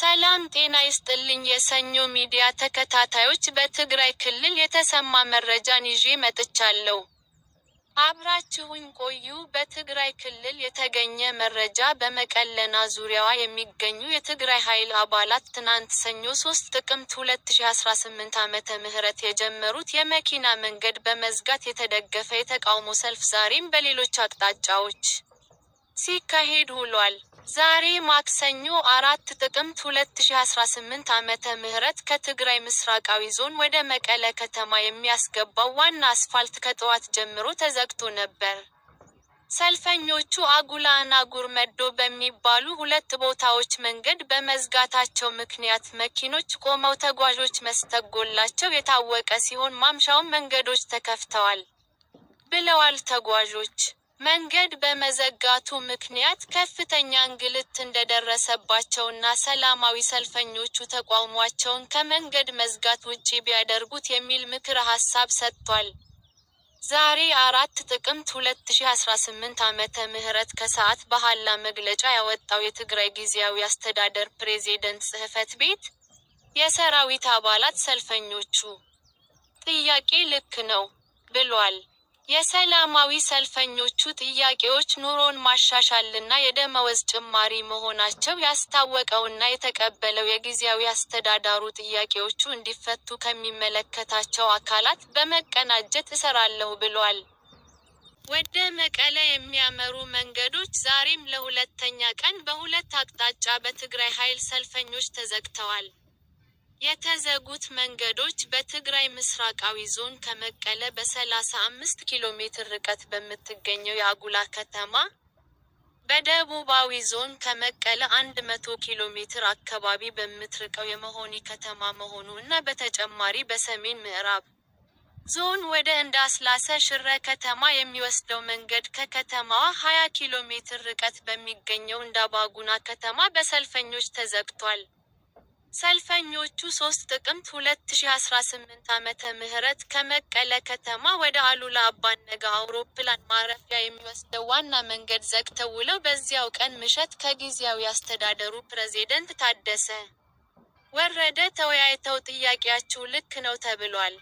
ሰላም ጤና ይስጥልኝ የሰኞ ሚዲያ ተከታታዮች በትግራይ ክልል የተሰማ መረጃን ይዤ መጥቻለሁ። አብራችሁኝ ቆዩ። በትግራይ ክልል የተገኘ መረጃ በመቀለና ዙሪያዋ የሚገኙ የትግራይ ኃይል አባላት ትናንት ሰኞ 3 ጥቅምት 2018 አመተ ምህረት የጀመሩት የመኪና መንገድ በመዝጋት የተደገፈ የተቃውሞ ሰልፍ ዛሬም በሌሎች አቅጣጫዎች ሲካሄድ ውሏል። ዛሬ ማክሰኞ አራት ጥቅምት 2018 ዓመተ ምህረት ከትግራይ ምስራቃዊ ዞን ወደ መቀለ ከተማ የሚያስገባው ዋና አስፋልት ከጠዋት ጀምሮ ተዘግቶ ነበር። ሰልፈኞቹ አጉላና ጉርመዶ በሚባሉ ሁለት ቦታዎች መንገድ በመዝጋታቸው ምክንያት መኪኖች ቆመው ተጓዦች መስተጎላቸው የታወቀ ሲሆን ማምሻውን መንገዶች ተከፍተዋል ብለዋል ተጓዦች። መንገድ በመዘጋቱ ምክንያት ከፍተኛ እንግልት እንደደረሰባቸውና ሰላማዊ ሰልፈኞቹ ተቋሟቸውን ከመንገድ መዝጋት ውጪ ቢያደርጉት የሚል ምክረ ሀሳብ ሰጥቷል። ዛሬ አራት ጥቅምት 2018 ዓመተ ምህረት ከሰዓት በኋላ መግለጫ ያወጣው የትግራይ ጊዜያዊ አስተዳደር ፕሬዚደንት ጽሕፈት ቤት የሰራዊት አባላት ሰልፈኞቹ ጥያቄ ልክ ነው ብሏል። የሰላማዊ ሰልፈኞ ጥያቄዎች ኑሮን ማሻሻልና የደመወዝ ጭማሪ መሆናቸው ያስታወቀውና የተቀበለው የጊዜያዊ አስተዳዳሩ ጥያቄዎቹ እንዲፈቱ ከሚመለከታቸው አካላት በመቀናጀት እሰራለሁ ብሏል። ወደ መቀለ የሚያመሩ መንገዶች ዛሬም ለሁለተኛ ቀን በሁለት አቅጣጫ በትግራይ ኃይል ሰልፈኞች ተዘግተዋል። የተዘጉት መንገዶች በትግራይ ምስራቃዊ ዞን ከመቀለ በ35 ኪሎ ሜትር ርቀት በምትገኘው የአጉላ ከተማ፣ በደቡባዊ ዞን ከመቀለ 100 ኪሎ ሜትር አካባቢ በምትርቀው የመሆኒ ከተማ መሆኑ እና በተጨማሪ በሰሜን ምዕራብ ዞን ወደ እንዳስላሰ ሽረ ከተማ የሚወስደው መንገድ ከከተማዋ 20 ኪሎ ሜትር ርቀት በሚገኘው እንዳባጉና ከተማ በሰልፈኞች ተዘግቷል። ሰልፈኞቹ ሶስት ጥቅምት 2018 አመተ ምህረት ከመቀለ ከተማ ወደ አሉላ አባነጋ አውሮፕላን ማረፊያ የሚወስደው ዋና መንገድ ዘግተው ውለው በዚያው ቀን ምሽት ከጊዜያዊ አስተዳደሩ ፕሬዚደንት ታደሰ ወረደ ተወያይተው ጥያቄያችሁ ልክ ነው ተብሏል